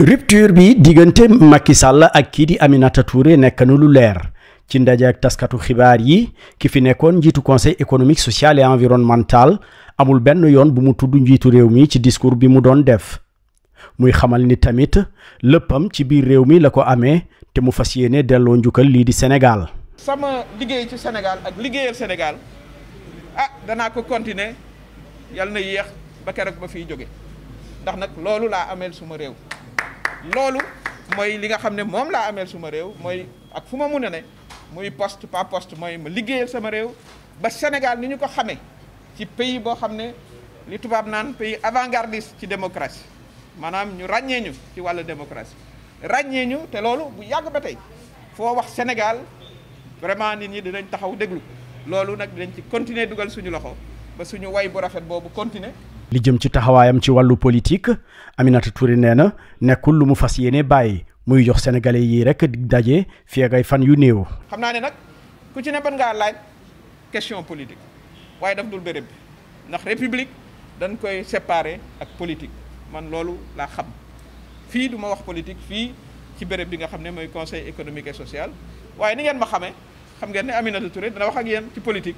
rupture bi diggante Macky Sall ak kii di Aminata Touré nekk na lu leer ci ndaje ak taskatu xibaar yi ki fi nekkoon njiitu conseil économique social et environnemental amul benn yoon bu mu tudd njiitu réew mi ci discours bi mu doon def muy xamal ni tamit léppam ci biir réew mi la ko amee te mu fas yéene delloo njukkal lii di Sénégal. sama liggéey ci senegal ak liggéeyal senegal ah danaa ko continuer yal na yéex ba keroog ba fiy jóge ndax nag loolu laa ameel suma réew. loolu mooy li nga xam ne moom laa ameel suma réew mooy ak fu ma mun a ne muy poste pas poste mooy ma liggéeyal sama réew ba Sénégal ni ñu ko xamee ci pays boo xam ne li tubaab naan pay avant-gardiste ci démocratie maanaam ñu ràññee ñu ci wàllu démocratie ràññee ñu te loolu bu yàgg ba tey foo wax Sénégal vraiment nit ñi dinañ taxaw déglu loolu nag dinañ ci continuer dugal suñu loxo ba suñu way bu rafet boobu continuer li jëm ci taxawaayam ci wàllu politique Aminata Touré nee na nekkul lu mu fas yéene bàyyi muy jox sénégalais yii rek di daje fii ak fan yu néew. xam naa ne nag ku ci ne ban ngaa laaj question politique waaye daf dul béréb bi ndax république dañ koy séparer ak politique man loolu laa xam fii du ma wax politique fii ci béréb bi nga xam ne mooy conseil économique et social waaye ni ngeen ma xamee xam ngeen ne Aminata Touré dana wax ak yenn ci politique.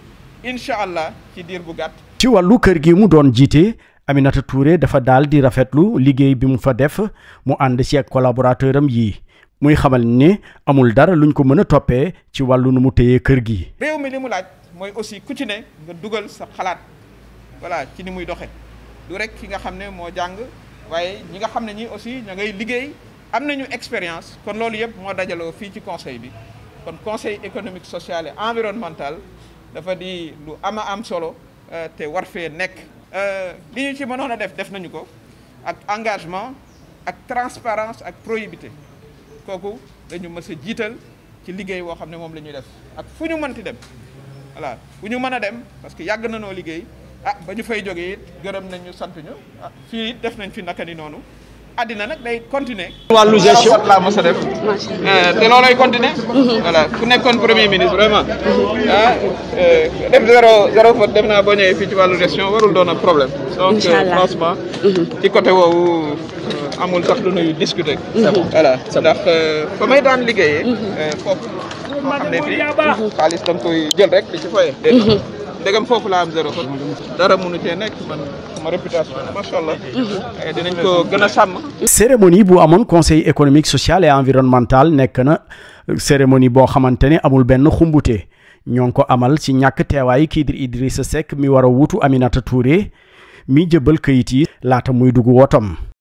inshallah ci dir bu gàtt. ci walu keur gi mu doon jité Aminata Touré dafa dal di rafetlu liggéey bi mu fa def mu and ci ak collaborateur yi muy xamal ni amul dara luñ ko mëna topé ci walu nu mu téyee keur gi. rew mi limu laaj moy aussi ku ci ne nga duggal sa xalaat voilà ci ni muy doxé du rek ki nga xamné mo jang jàng ñi nga xamné ñi aussi ña ngay liggéey amna ñu expérience kon loolu yépp mo dajaloo fi ci conseil bi kon conseil économique social et environnemental. dafa di lu ama am solo euh, te war fee nekk euh, li ñu ci mënoon a def def nañu ko ak engagement ak transparence ak probité kooku dañu mës a jiital ci liggéey woo xam ne moom la ñuy def ak fu ñu ti dem voilà fu ñu mën a dem parce que yàgg na noo liggéey ah ba ñu fay jógee it gërëm nañu sant ñu ah fii def nañ fi naka ni noonu àddina nag day continuer wàllu gestion la mos a def euh, te loolay continuer voilà ku nekkoon premier ministre vraiment ah euh, def zéro zéro faute def naa boo ñëwee ci wàllu gestion warul doon a problème donc euh, franchement ci côté woowu amul sax lu nuyu discuter voilà ndax fa may daan liggéeyee mhm. foofu moo xam ne fii xaalis dañ koy jël rek di ci foyee mhm. dégam foofu laa am zéro kon mhm. eh, bu amoon conseil économique social et environnemental nekk na euh, cérémonie boo xamante ne amul benn xumbute ñoo ngi ko amal ci ñàkk teewaay kii di sa Seck mi war a wuutu Aminata Touré mi jëbal kayit yi laata muy dugg wotom